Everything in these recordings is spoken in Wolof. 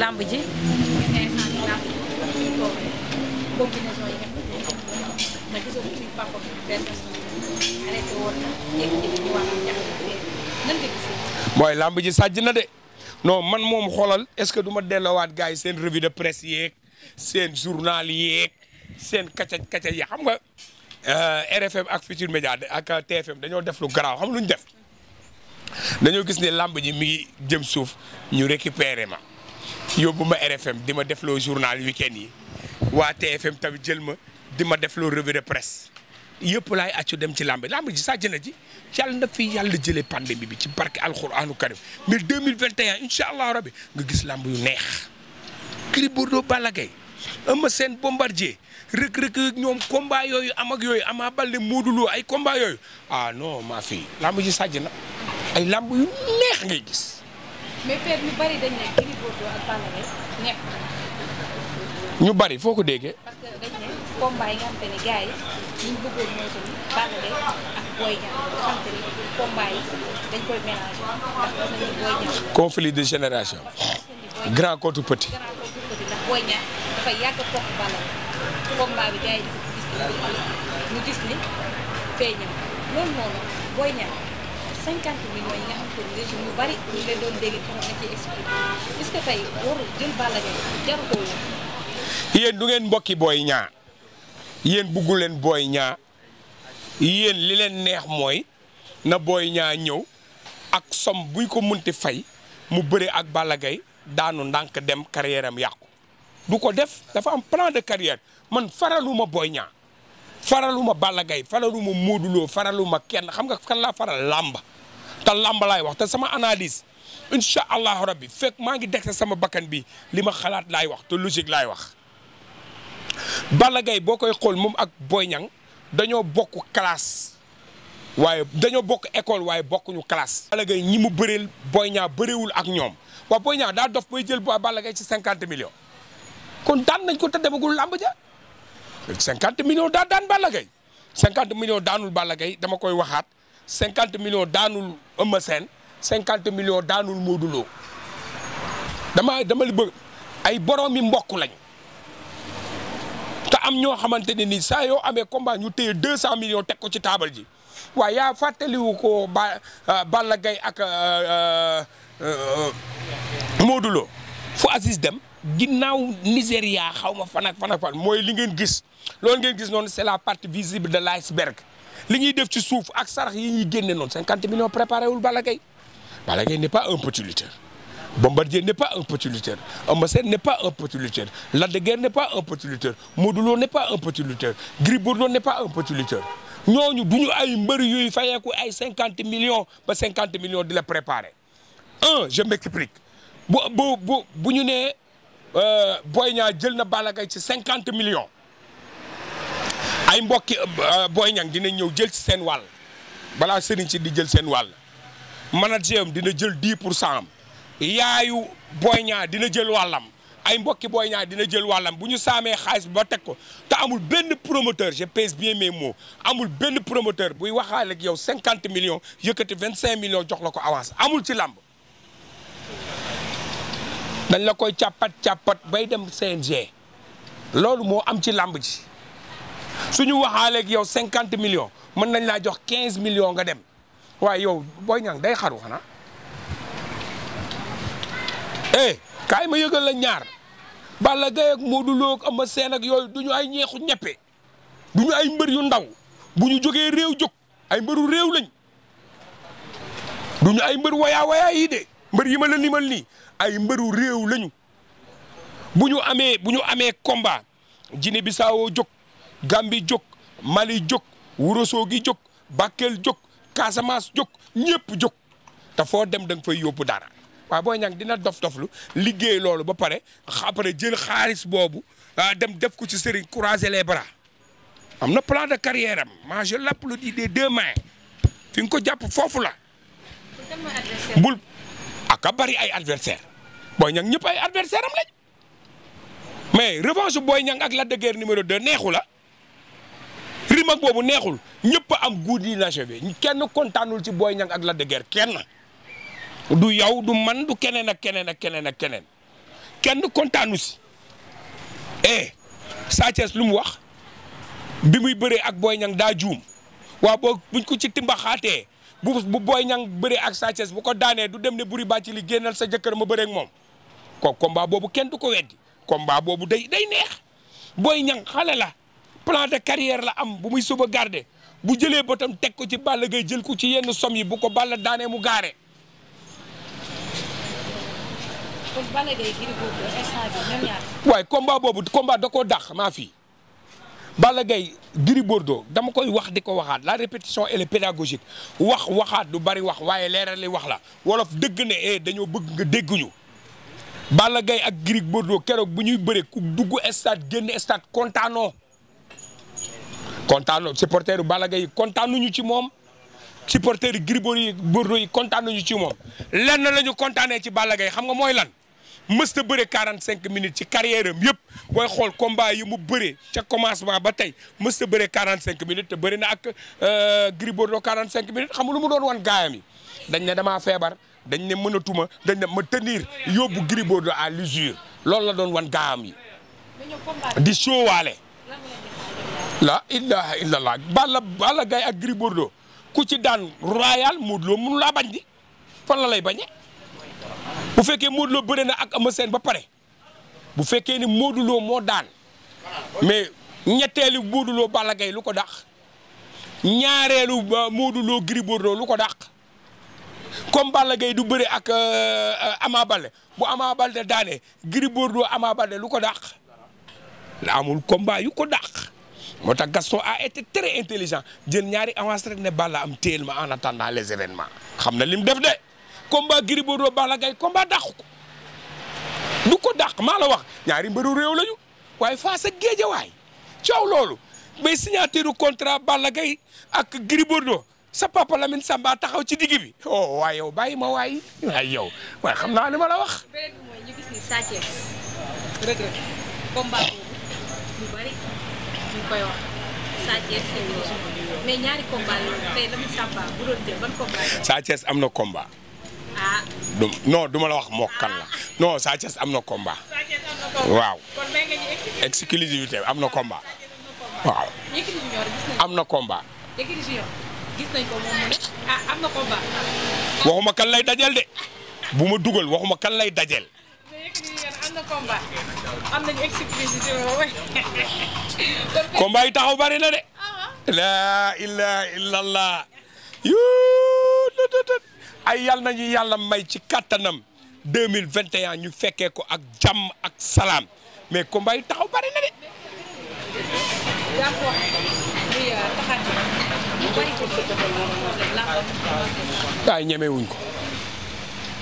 làmb ji mooy làmb ji sàjj na de non man moom xoolal est-ce que duma dellowaat delloowaat gars yi seen revue de presse yeeg seen journal yeeg seen kacac kacac yi xam nga euh, RFM ak Futur Média ak TFM dañoo def lu garaaw xam lu def dañoo gis ne làmb ji mi jëm suuf ñu récupéré yóbbu ma RFM di ma defloo journal week-end yi waa TFM tamit jël ma di ma defloo revue de presse yëpp laay accu dem ci làmb làmb ji saa na ji yàlla na fi yàlla jëlee pandémie bi ci barke alxuraanu karim mais 2021 incha allah rabbi nga gis làmb yu neex. Gris Bordeaux Balla Gaye Eumeu Bombardier Reug Reug ñoom combat yooyu am ak yooyu Ama Baldé Modou ay combat yooyu ah non maa fi làmb ji sàjj na ay làmb yu neex ngay gis. ñu bari foo ko déggee. parce que dañ ne combat yi nga xamante ne gars yi ñu bëggoon mooy ni combat yi dañ de génération. grand contre petit. ndax Boy Niang dafay yàgg a topp combat bi gars yi dafa gis ne ñu gis ne feeñam loolu noonu Boy cinquante du ngeen mbokki booy ñaa yéen buggu leen booy ñaa yéen li leen neex mooy na booy ñaa ñëw ak som buñ ko munti fay mu bëre ak Balla daanu ndànk dem carrière am yàqu du ko def dafa am plan de carrière man faraluma booy ñaa faraluma Balla Gaye faraluma Modou faraluma kenn xam nga kan laa faral làmba te làmb laay wax te sama analyse incha allahu rabbi fekk maa ngi dekk sama bakkan bi li ma xalaat laay wax te logique laay wax. Balla Gaye boo koy xool moom ak Boy Niang dañoo bokk classe waaye dañoo bokk école waaye bokkuñu classe. Balla Gaye ñi mu bëreel Boy Niang bëreewul ak ñoom waaw Boy Niang daa dof bay jël Balla Gaye ci cinquante millions kon daan nañ ko te demagul làmb ja cinquante millions daa daan Balla Gaye cinquante daanul Balla Gaye dama koy waxaat. cinquante millions daanul Eumeu cinquante millions daanul Modou dama dama li bëgg ay boromi yi mbokk lañ te am ñoo xamante ne ni saa yoo amee compagne ñu téye deux cent millions teg ko ci taabal ji waaye yaa fàttaliwu ko ba euh, Balla gay ak euh, euh, Modou Lo fu Aziz dem ginnaaw Nigéria xaw ma fan ak fan ak mooy li ngeen gis loolu ngeen gis noonu c'est la partie visible de l'iceberg li ñuy def ci suuf ak sarax yi ñuy génne noonu cinquante millions préparé wul Balla Gaye Balla Gaye n'est pas un petit lutteur Bombardier n'est pas un petit lutteur Eumeu Sène pas un petit lutteur Lac de Guiers n'est pas un petit lutteur Modou Lo n'est pas un petit lutteur Gris Bordeaux n'est pas un petit lutteur ñooñu du ñu ay mbër yuy fayeeku ay cinquante million ba cinquante millions di la préparer un je m'explique bu bu bu ñu nee euh, Boy Niang jël na Balla ci cinquante millions ay mbokki euh, Boy Niang dina ñëw jël ci seen wàll balaa sëriñ ci di jël seen wàll manager am dina jël 10 pour cent am yaayu Boy Niang dina jël wàllam ay mbokki booy ñaa dina jël wàllam bu ñu saamee xaalis ba teg ko te amul benn promoteur je pèse bien mes mots amul benn promoteur buy waxaale ak cinquante 50 millions yëkkati 25 millions jox la ko avance amul ci làmb dañ la koy càppat càppat bay dem CNG loolu moo am ci làmb ji. suñu waxaaleeg yow cinquante millions mën nañ laa jox quinze millions nga dem waaye yow Boy Niang day xaru xanaa eh kaay ma yëgal la ñaar Balla Gaye ak Modou Lo ak Ama Sène yooyu du ñu ay ñeexu ñeppe du ñu ay mbër yu ndaw bu ñu jógee réew jóg ay mbëru réew lañ du ay mbër wayaa yi de mbër yi ma la limal nii ay mbëru réew lañu bu ñu amee bu ñu amee combat Guinée-Bissau jóg Gambie jóg Mali jóg Ourossogui jóg Bakel jóg Casamance jóg ñëpp jóg te foo dem da nga fay yóbbu dara waaw booy Niang dina dof-doflu liggéey loolu ba pare après jël xaalis boobu ah, dem def ko ci sëriñ croiser les bras am na plan de carrière ma je l'applaudis des deux mains fi nga ko jàpp foofu la. bul aka bari ay adversaire Boy Niang ñëpp ay adversaire am lañ mais revanche Boy Niang ak Lac de numéro 2 neexu la. rim ak boobu neexul ñëpp am guut na nachevé kenn kontaanul ci Boy Niang ak Lac de Guiers kenn du yow du man du keneen ak keneen ak keneen ak keneen kenn kontaanu si eh Sa lu mu wax bi muy bëree ak Boy Niang daa juum waa boo buñ ko ci timbaxaatee bu bu Boy Niang bëree ak Sa Thiès bu ko daanee du dem ne buri bàcc li génnal sa jëkkër ma bëree ak moom ko combat boobu kenn du ko weddi combat boobu day day neex Boy Niang xale la plan de carrière la am bu muy suba garde bu jëlee bootam teg ko ci Balla gay jël ko ci yenn somm yi bu ko Balla daanee mu gaare. waaye combat boobu combat da koo dàq maa fii Balla Gaye Gris Bordeaux dama koy wax di ko waxaat la répétition elle est pédagogique wax waxaat lu bari wax waaye leerali wax la wolof dëgg ne eh dañoo bëgg nga dégguñu Balla gay ak Gris Bordeaux keroog bu ñuy bëre ku dugg stade génn stade kontaanoo. kontaanoo supporteru Balla Gaye yi kontaanuñu ci moom supporteru Gris Bordeaux yi kontaanuñu ci moom lenn la ñu kontaanee ci Balla yi xam nga mooy lan mës na bëre 45 minutes ci carrière am yëpp booy xool combat yi mu bëree ca commencement ba tey mës na bëre 45 minutes te bëri na ak euh, Gris Bordeaux 45 minutes xam nga lu mu doon wan gaayam yi dañ ne damaa feebar dañ ne mënatuma dañ ne ma tenir yobu Gris Bordeaux à l'usure loolu la doon wan gaayam yi di soowaale la ilaha illallah Balla Balla Gaye ak Gris Bordeaux ku ci daan royal Modou Lo mënu laa bañ di fan la lay bañe bu fekkee Modou Lo bëre na ak Eumeu ba pare bu fekkee ni Modou Lo moo daan mais ñetteelu Modou Lo Balla Gaye lu ko dàq ñaareelu euh, Modou Lo Gris lu ko dàq comme Balla Gaye du bëre ak euh, Ama Baldé bu Ama Baldé daane Gris Bordeaux Ama lu ko dàq la amul combat yu ko dàq moo tax Gaston a été très intelligent jël ñaari avance rek ne Balla am téel ma en attendant les événements xam na lim def de combat Gris Bordeaux Balla Gaye combat dàqu ko du ko dàq maa la wax ñaari mbëru réew lañu waaye face ak géejawaay coow loolu mais signature contrat Balla gay ak Gris Bordeaux sa papa Lamine Samba taxaw ci digg bi oh waaye bàyyi ma waay waaye yow waaye xam na li la wax. ñu Sa Thiès am na combat. ah. du non la wax moo kan la non Sa Thiès am na komba waaw. kon may am na komba waaw. am na komba gis ah, waxuma kan lay dajel de bu ma dugal waxuma kan lay dajel. combat yi taxaw bari na de. Ah. la ilaha illallah yuu ay yal nañu yàlla may ci kattanam deux mille vingt et ñu fekkee ko ak jàmm ak salaam mais combat yi taxaw bari de. Euh, waaye ñemewuñ ko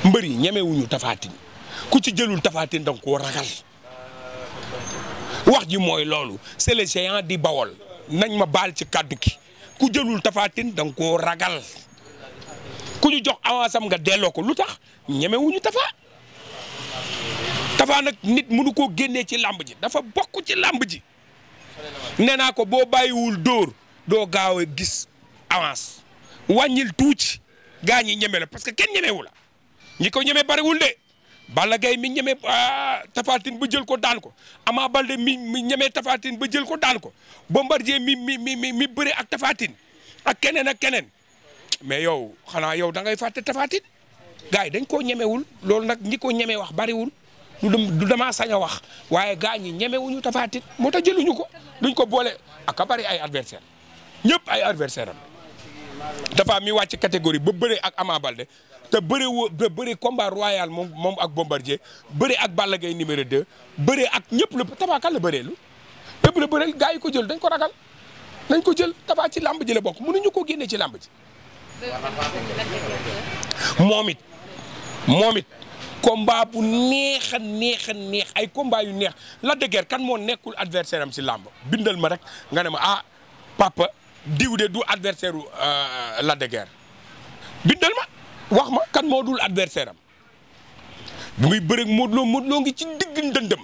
mbër yi ñemewuñu tafaatin ku ci jëlul tafaatin danga koo ragal wax ji mooy loolu c'est le géant di bawol nañ ma baal ci kàddu ki ku jëlul tafaatin danga koo ragal ku ñu jox avance am nga delloo ko lu tax ñemewuñu tafaa tafaa nag nit mënu koo génnee ci làmb ji dafa bokk ci làmb ji nee naa ko boo bàyyiwul door doo gaaw gis avance wàññil tuuti gaa ñi ñeme la parce que kenn ñemewu la ñi ko ñeme bariwul de Balla Gaye mi ñemee ah, Tapha Tine ba jël ko daan ko amaa Baldé mi mi ñemee Tapha ba jël ko daan ko Bombardier mi mi mi mi bëre ak Tapha ak keneen ak keneen mais yow xanaa yow da ngay fàtte Tapha gars yi dañ koo ñemewul loolu nag ñi ko ñemee wax bariwul du du damaa sañ a wax waaye gaa ñi ñemewuñu Tapha moo ta jëluñu ko duñ ko boole ak ah, a bari ay adversaire ñëpp ay adversaire am dafa mi wàcc catégorie ba bëre ak Ama Baldé te bëri woo te bëri combat royal moom moom ak Bombardier bëri ak Balla Gaye numéro 2 bëri ak ñëpp la tabaakan la bëree lu la bëreel gars yi ko jël dañ ko ragal dañ ko jël tabaa ci làmb ji bokk bokk mënuñu ko génne ci làmb ji. moom it moom it combat bu neex neex ay combat yu neex la dëgër kan moo nekkul adversaire am si làmb bindal ma rek nga ne ma ah papa diw de du adversaire euh, la dëgër bindal ma. wax ma kan moo dul adversaire am bi muy bëreeg Modou Lo Modou Lo ngi ci digg ndëndëm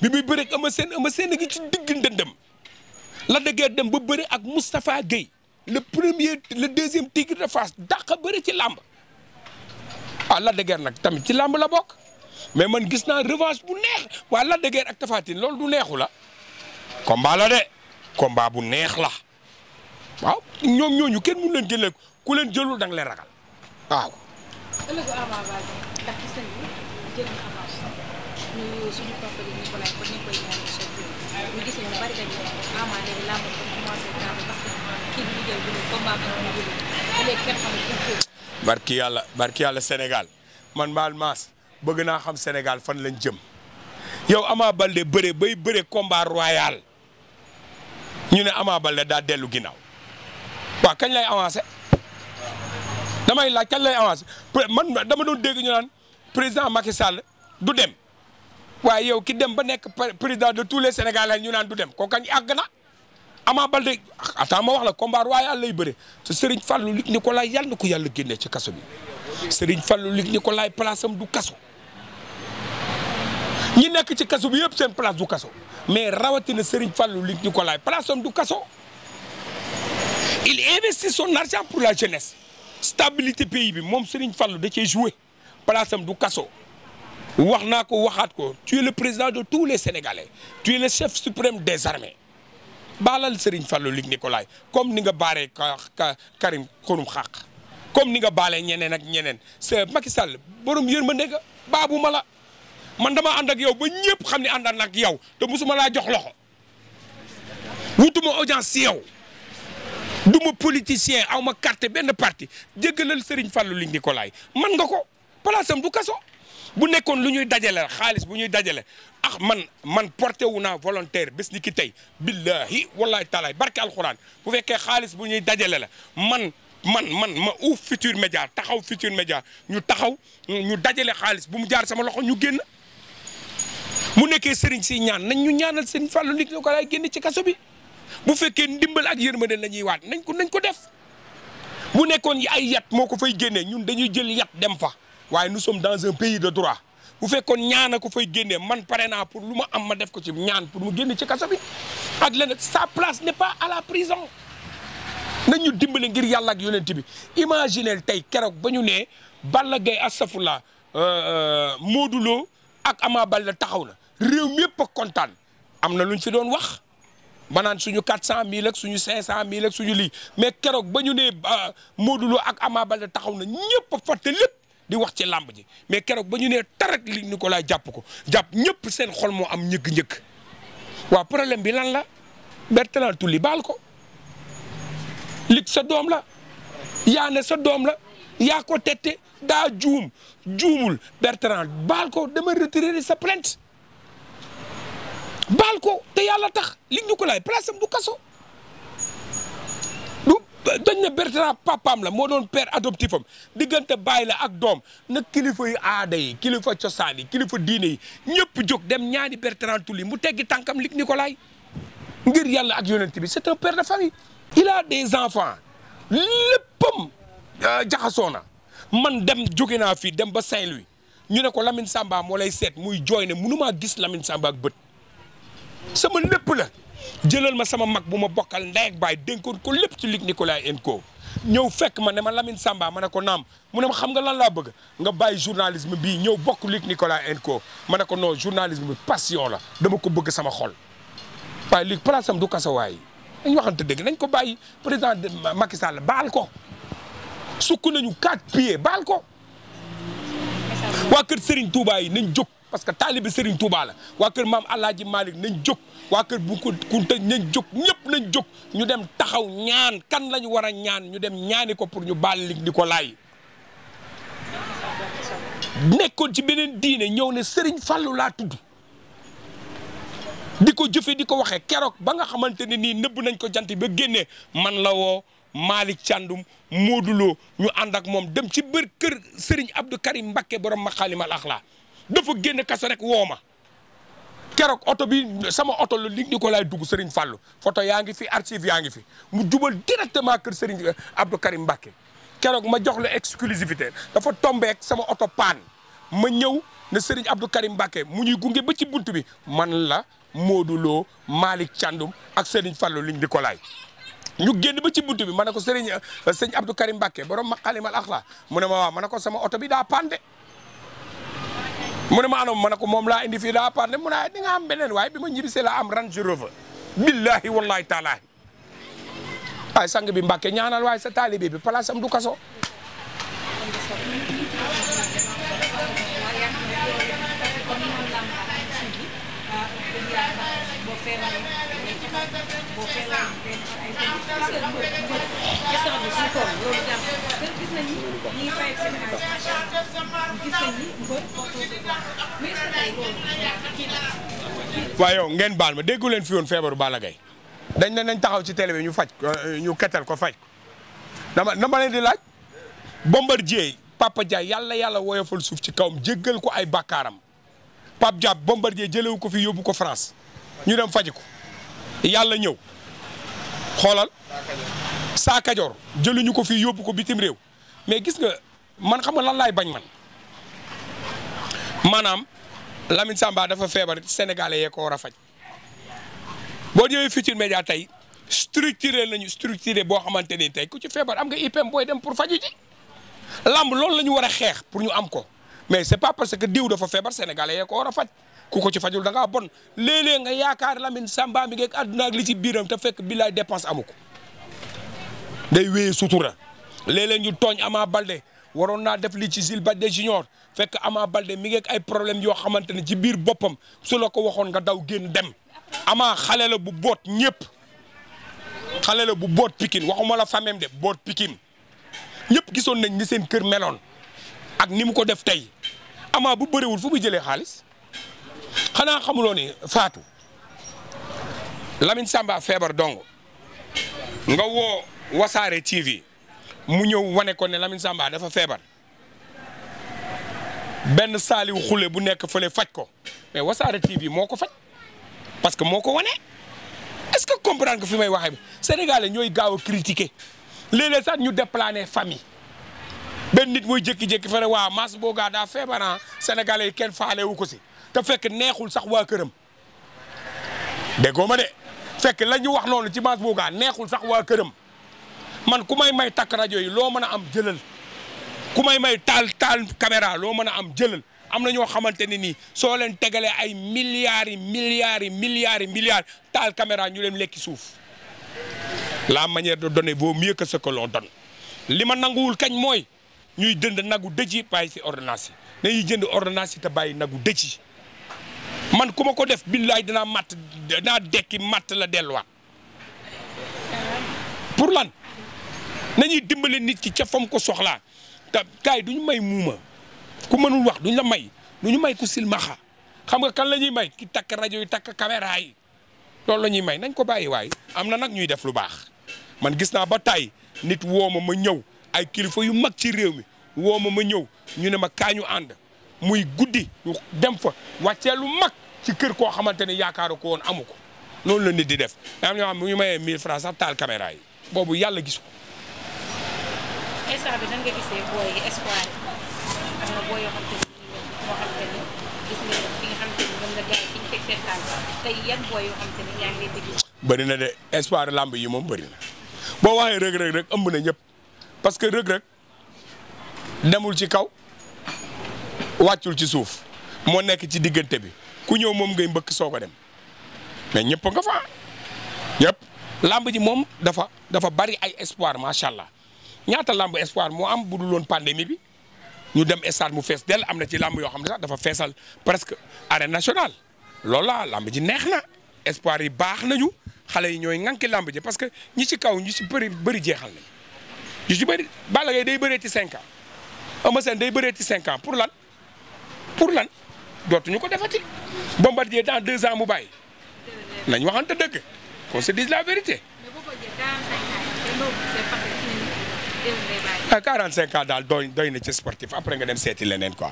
bi muy bëreeg Eumeu Sène Eumeu Sène ngi ci digg ndëndëm la dëggee dem ba bëri ak Moustapha Guèye le premier le deuxième tigre de Fass dàq a bëri ci làmb ah la dëggee nag tamit ci làmb la bokk mais man gis naa revanche bu neex waa la dëggee ak Tapha Tine loolu du neexu la combat la de combat bu neex la waaw ñoom ñooñu kenn mënu leen jëlee ku leen jëlul da nga leen ragal. waaw. ëllëgu Ama barki yàlla Sénégal man maal maas bëgg naa xam Sénégal fan lañ jëm yow Ama Baldé bëre bay bëre combat royal ñu ne Ama Baldé daa dellu ginnaaw waaw kañ lay avancé. damay laaj kañ lay avancé man dama doon dégg ñu naan président Macky Sall du dem waaye yow ki dem ba nekk président de tous les Sénégalais ñu naan du dem ko kañ àgg amaa Ama Baldé attends ma wax la combat royal lay bëre te Serigne Fallou Luc Nicolaï yàlla na ko yàlla génnee ci kaso bi Serigne Fallou Luc Nicolaï place am du kaso. ñi nekk ci kaso bi yëpp seen place du kaso mais rawatina Serigne Fallou Luc Nicolaï place am du kaso il investit son argent pour la jeunesse. stabilité pays bi moom Serigne fallu de cee joué place am du kaso wax naa ko waxaat ko tu le président de tous les Sénégalais tu es le chef suprême des armées baalal Serigne Fallou Luc Nicolaï comme ni nga baaree Karim Xrum Xax comme ni nga baalee ñeneen ak ñeneen c'est Macky borom yërmande nga baabu ma la man dama ànd ak yow ba ñëpp xam ne ànd nak yow te mosuma laa jox loxo wutuma audience si yow. du ma politicien aw ma carte benn parti jéggalal Serigne Fallou Luc Nicolaï man nga ko place am du kaso bu nekkoon lu ñuy dajale xaalis bu ñuy dajale ah man man porté wu naa volontaire bés ni ki tey billahi wallahi taalaay barke alxuraan bu fekkee xaalis bu ñuy dajale la man man man ma uuf futur média taxaw futur média ñu taxaw ñu dajale xaalis bu mu jaar sama loxo ñu génn mu nekkee sëriñ si ñaan nañ ñu ñaanal Serigne Fallou Luc Nicolaï génn ci kaso bi bu fekkee ndimbal ak yërmande la ñuy waat nañ ko nañ ko def bu nekkoon ay yat moo ko fay génnee ñun dañuy jël yat dem fa waaye nous sommes dans un pays de droit bu fekkoon ñaana ko fay génnee man pare naa pour lu ma am ma def ko ci ñaan pour mu génn ci kaso bi ak leneen sa place n'est pas à la prison nañ ñu dimbali ngir yàlla ak yonent bi imaginel tey keroog ba ñu nee Balla Gaye astafurlah euh, euh, Modou Lo ak Ama balla taxaw na réew mi yëpp a kontaan am na luñ fi doon wax banaan suñu 400000 ak suñu 500000 ak suñu lii mais keroog ba ñu nee euh, Modou Lo ak Ama taxaw na ñëpp a fàtte lépp di wax ci làmb ji mais keroog ba ñu nee tarak lig ni ko laa jàpp ko jàpp ñëpp seen xol moo am ñëkk-ñëkk waaw problème bi lan la Bertrand Tulli baal ko lig sa doom la yaa ne sa doom la yaa ko tette daa juum juumul Bertrand baal ko dama retirer sa plainte baal ko te yàlla tax li ñu ko laay place am du kaso du dañ na Bertrand papaam la moo doon père adoptif am diggante baay la ak doom na kilifa yu aada yi kilifa cosaan yi kilifa diine yi ñëpp jóg dem ñaani Bertrand Tulli mu teggi tànkam lig Nicolas ngir yàlla ak yonent bi c'est un père de famille il a léppam euh, jaxasoo na man dem jóge naa fii dem ba Saint-Louis ñu ne ko lamin Samba moo lay seet muy jooy ne mënumaa gis Lamine Samba ak bët sama lépp la jëlal ma sama mag bu ma bokkal ndey ak baay dénkoon ko lépp ci Luc Nicolaï and Co ñëw fekk ma ne ma Lamine Samba ma ne ko naam mu ne ma xam nga lan laa bëgg nga bàyyi journalisme bii ñëw bokk Luc Nicolaï and Co ma ne ko non journalisme bi passion la dama ko bëgg sama xol waaye Luc place am du kasawaay dañ waxante dëgg nañ ko bàyyi président Macky Sall baal ko sukk nañu quatre pieds baal ko waa kër Serigne Touba yi nañ jóg parce que taalibe Serigne Touba la waa kër maam El Hadj Malick nañ jóg waa kër bu Kunta nañ jóg ñëpp nañ jóg ñu dem taxaw ñaan kan lañu ñu war a ñaan ñu dem ñaani ko pour ñu baal lig di ko laay nekkoon ci beneen diine ñëw ne Serigne Fallou laa tudd di ko jëfe di ko waxee keroog ba nga xamante ne nii nëbb nañ ko jant ba génne man la woo Malick Thiandoum Modou Lo ñu ànd ak moom dem ci bër kër Serigne Abdou Karim Mbacké borom Makarimal Akhlaq dafa génn kaso rek woo ma keroog oto bi sama oto la li ko laay dugg Serigne Fallou photo yaa ngi fi archive yaa ngi fi mu jubal directement kër Serigne euh, Abdou Karim Mbacké keroog ma jox la exclusivité dafa tombeek sama oto paan ma ñëw ne Serigne Abdou Karim Mbacké mu ñu gunge ba ci bunt bi man la mooduloo Lo Malick ak Serigne Fallou liñ di ko ñu génn ba ci bunt bi ma ne ko Serigne euh, sëñ Abdou Karim Mbacké borom ma xalimal axla mu ne ma waaw ma ne ko sama oto bi daa paan mu ne ma anam ma ne ko moom laa indi fii daa par ne mu ne di nga am beneen waaye bi ma ñibisee laa am Range Rover billahi wallahi taala ay sang bi Mbàkke ñaanal waaye sa taalibe bi place am du kaso waaye yow ngeen baal ma déggu leen fi woon feebaru Balla Gaye dañ ne nañ taxaw ci télé ñu faj euh, ñu ketal ko faj dama ma leen di laaj Bombardier Papa Dia yàlla yàlla woyofal suuf ci kawam jéggal ko ay bàkkaaram Pape Dia Bombardier jëlewu ko fi yóbbu ko France ñu dem faji ko yàlla ñëw xoolal saa kajoor jëluñu ko fii yóbbu ko bitim réew mais gis nga man xam nga lan laay bañ man maanaam Lamine Samba dafa feebar sénégalais yee ko war a faj boo ñëwee Futurs Médias tey structuré lañu structuré boo xamante ni tey ku ci feebar am nga ipem booy dem pour faju ji lamb loolu la ñu war a xeex pour ñu am ko mais c'est pas parce que diw dafa feebar sénégalais yee ko war a faj ku ko ci fajul da ngaa bon léeg-léeg nga yaakaar Lamine Samba mi ngeeg àdduna li ci biiram te fekk billaay dépense amu ko day wéyee sutura léeg-léeg ñu tooñ Ama Balde waroon naa def lii ci Jules de junior fekk Ama Balde mi ngi ay problème yoo xamante ne ci biir boppam su ko waxoon nga daw génn dem Ama xale bu boot ñëpp xale bu boot Pikine waxuma la famem de boot Pikine ñëpp gisoon nañ ni seen kër meloon ak ni mu ko def tey Ama bu bëriwul fu muy jëlee xaalis xanaa xamuloo ni Fatou lamin Samba feebar dong nga woo. wasaare TV mu ñëw wane ko ne Lamine Samba dafa feebar benn saaliw xule bu nekk fële faj ko mais wasaare TV moo ko faj parce que moo ko wane est-ce que comprendre que fi may waxee Sénégalais ñooy gaaw a critiquer léeg-léeg sax ñu déplané famille benn nit mooy jékki-jékki fële waa Mass Boga daa feebaran ah. Sénégalais yi kenn faale wu ko si te fekk neexul sax waa këram déggoo ma de fekk la ñu wax noonu ci Mass Boga neexul sax waa këram. man ku may may takk rajo yi loo mën a am jëlal ku may may taal taal caméra loo mën a am jëlal am na ñoo xamante ne nii soo leen tegalee ay milliards yi milliards yi milliards yi milliards taal caméra ñu leen lekki suuf la manière de donner vaut mieux que ce que l'on donne li ma nanguwul kañ mooy ñuy dënd nagu dëji bàyyi si ordonnance yi jënd ordonnance yi te bàyyi nagu dëji man ku ma ko def billaay dinaa matt dinaa dekki matt la delluwaat pour lan nañuy dimbali nit ki ca fam ko soxlaa te gars du ñu may muuma ku mënul wax duñ la may du ñu may ku silmaxa xam nga kan la ñuy may ki takk rajo yi takk caméra yi loolu la ñuy may nañ ko bàyyi waay am na nag ñuy def lu baax man gis naa ba tey nit woo ma ma ay kilifa yu mag ci réew mi woo ma ñëw ñu ne ma kaañu ànd muy guddi dem fa wàccee lu mag ci kër koo xamante ne yaakaaru ko woon amu ko loolu la nit di def am ñoo xam ñu mayee 1000 francs sax taal caméra yi boobu yàlla gis ko instant bëri na de espoir làmb yi moom bëri boo waxee Reug Reug rek ëmb na ñëpp parce que Reug Reug demul ci kaw wàccul ci suuf moo nekk ci diggante bi ku ñëw moom ngay mbëkk soog a dem mais ñëpp nga fa ñëpp làmb ji moom dafa dafa bari ay espoir macha allah. ñaata lamb espoir mu am bu loon woon pandémie bi ñu dem stade mu fees dell am na ci làmb yoo xam ne sax dafa feesal presque arène national loolu la lamb ji neex na espoir yi baax nañu xale yi ñooy ŋànki lamb ji parce que ñi ci kaw ñi ci bëri bëri jeexal nañ ñi ci bëri Balla Gaye day bëree ci 5 ans Eumeu Sène day bëree ci 5 ans pour lan pour lan dootuñu ko defati Bombardier dans 2 ans mu bàyyi nañ waxante dëgg qu'on se la vérité. ah 45 ans daal doy doy na ci sportif après nga dem seeti leneen quoi.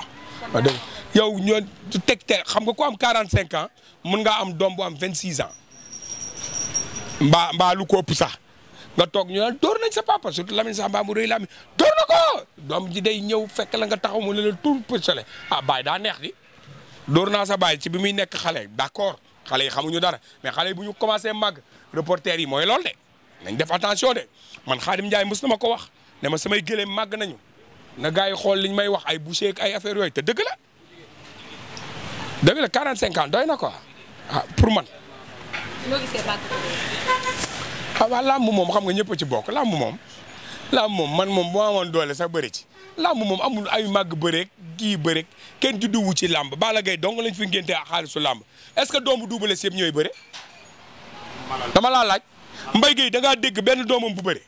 waaw dégg yow ñoo teg te xam nga ko am quarante cinq ans mën ngaa am doom bu am 26 ans mbaa mbaa lu ko ëpp sax nga toog ñu naan door nañ sa papa surtout Lamine sax mbaa mu rëy Lamine door na ko doom ji day ñëw fekke la nga taxaw mu ne la tout pësale ah baay daa neex di door naa sa baay ci bi muy nekk xale d'accord xale yi xamuñu dara mais xale yi bu ñu commencé màgg reporter yi mooy loolu de nañ def attention de man Xaadim Njaay mos na ma ko wax. ne ma samay gëléem màgg nañu na gars yi xool liñ may wax ay boucher ay affaire yooyu te dëgg la dëgg la 45 ans doy na quoi ah pour man. noo gisee bàq. ah moom xam nga ñëpp ci bokk làmb moom làmb moom man moom bu ma amoon doole sax bëri ci làmb moom amul ay màgg bëreeg kii bëreeg kenn judduwu ci làmb Balla Gaye dong lañ fi ngénte xaalisu làmb est-ce que doomu Double Less yëpp ñooy bëre. dama laa laaj Mbaye Gueye da ngaa dégg benn doomam bu bëre.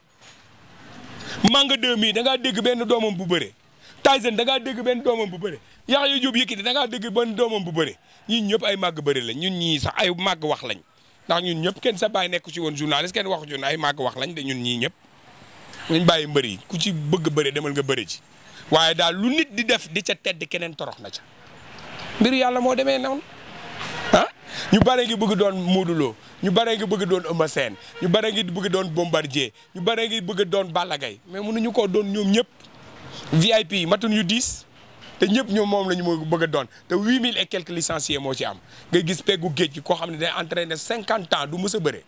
Manga 2 mii da ngaa dégg benn doomam bu bëre Tyson da ngaa dégg benn doomam bu bëre Yaxya Jóob Yékini da ngaa dégg benn doomam bu bëre ñun ñëpp ay màgg bëri lañ ñun ñii sax ay màgg wax lañ ndax ñun ñëpp kenn sa bàyyi nekk ci woon kenn waxu ci woon ay màgg wax lañ de ñëpp nañ bàyyi mbër yi ku ci bëgg bëre demal nga bëri ci waaye daal lu nit di def di ca tedd keneen torox na ca mbiru yàlla moo demee noonu ah ñu bare ngi bëgg doon Modou ñu bare ngi bëgg doon Eumeu Sène ñu bare ngi bëgg doon Bombardier ñu bare ngi bëgg doon Balla Gaye mais mënuñu koo doon ñoom ñëpp VIP yi matuñ ñu diis te ñëpp ñoom moom la ñu bëgg doon te huit mille et quelques licenciés moo ci am nga gis peggu géej gi koo xam ne day entraîné cinquante ans du musa a bëre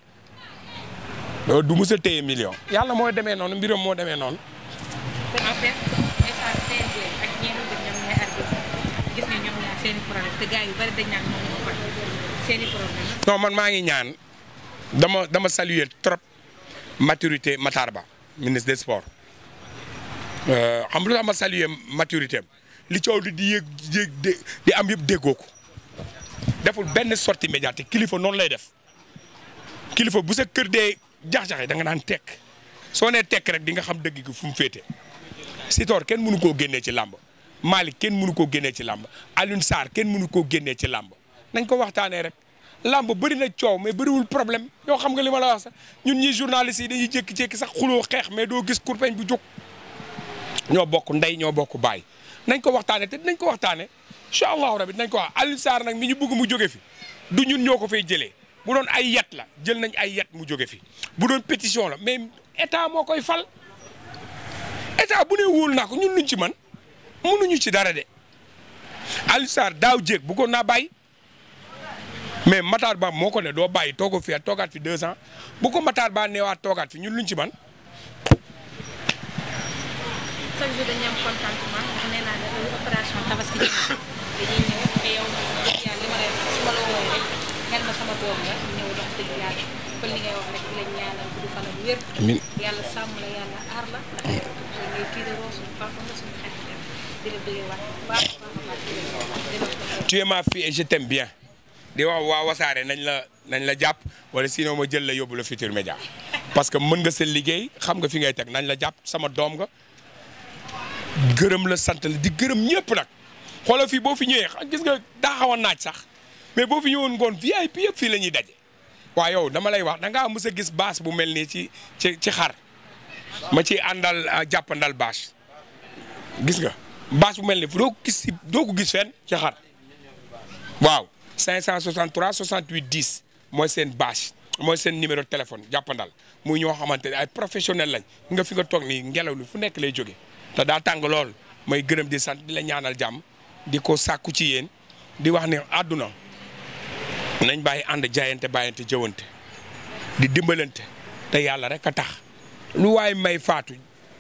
du mës a téye million yàlla mooy demee noonu mbiram moo demee noonu seen man maa ngi ñaan dama dama saluer trop maturité Matar Ba ministre des sports euh, xam lu tax ma saluer maturité li coow di di yéeg di am yëpp déggoo ko deful benn sortie médiatique kilifa noonu lay def kilifa bu sa kër dee jax-jaxe da naan tekk soo nee tekk rek di nga xam dëgg gi fu mu féete Sitor kenn mënu koo génnee ci làmb Malick kenn mënu koo génnee ci làmb Alioune Sarr kenn munu koo génnee ci làmb nañ ko waxtaanee rek làmb bari na coow mais bëriwul problème yoo xam nga li ma la wax sax ñun ñi journalistes yi dañuy jékki-jékki sax kuloo xeex mais doo gis kurpeñ bu jóg ñoo bokk ndey ñoo bokk baay nañ ko waxtaanee te nañ ko waxtaanee incha allahu rabi dinañ ko wax Alioune Sarr nag mi ñu bëgg mu jóge fi du ñun ñoo ko fay jëlee bu doon ay yat la jël nañ ay yat mu jóge fi bu doon pétition la mais état moo koy fal état bu ne wóolu ñun luñ ci man mënuñu ci dara de Alioune Sarr daaw jéeg bëggoon naa bàyyi mais Matar Ba moo ko ne doo bàyyi toogoo fi ak toogaat fi deux ans bu ko Matar Ba neewaat toogaat fi ñun luñ ci man tu es ma di wax waa wasaare nañ la nañ la jàpp wala sinon ma jël la yóbbu la Futurs Médias parce que mën nga sa liggéey xam nga fi ngay teg nañ la jàpp sama doom nga gërëm la sant la di gërëm ñëpp nag xoolal fii boo fi ñëwee gis nga daa xaw naaj sax mais boo fi ñëwoon ngoon VIP yëpp fii la ñuy daje waaye yow dama lay wax da ngaa mës a gis baas bu mel nii ci ci xar ma ci àndal jàppandal bâche gis nga bâche bu mel ni doo ko si doo ko gis fenn ci xar waaw 563 68 10 mooy seen bâche mooy seen numéro téléphone jàppandal muy ñoo xamante ne ay professionnel lañ nga fi nga toog nii ngelaw li fu nekk lay jóge te daa tàng lool may gërëm di sant di la ñaanal jàmm di ko sàkku ci yéen di wax ne àdduna nañ bàyyi ànd jaayante bàyyante jëwante di dimbalante te yàlla rek a tax lu waay may faatu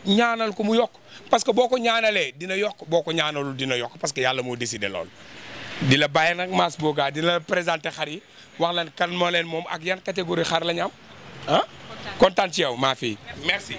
ñaanal ko mu yokk parce que boo ko ñaanalee dina yokk boo ko ñaanalul dina yokk parce que yàlla moo décidé lool. di la bàyyi nag maas Boga dina la présenté xar yi wax lan kan moo leen moom ak yan catégorie xar la ñu am ah. kontaan ci yow maa fii merci.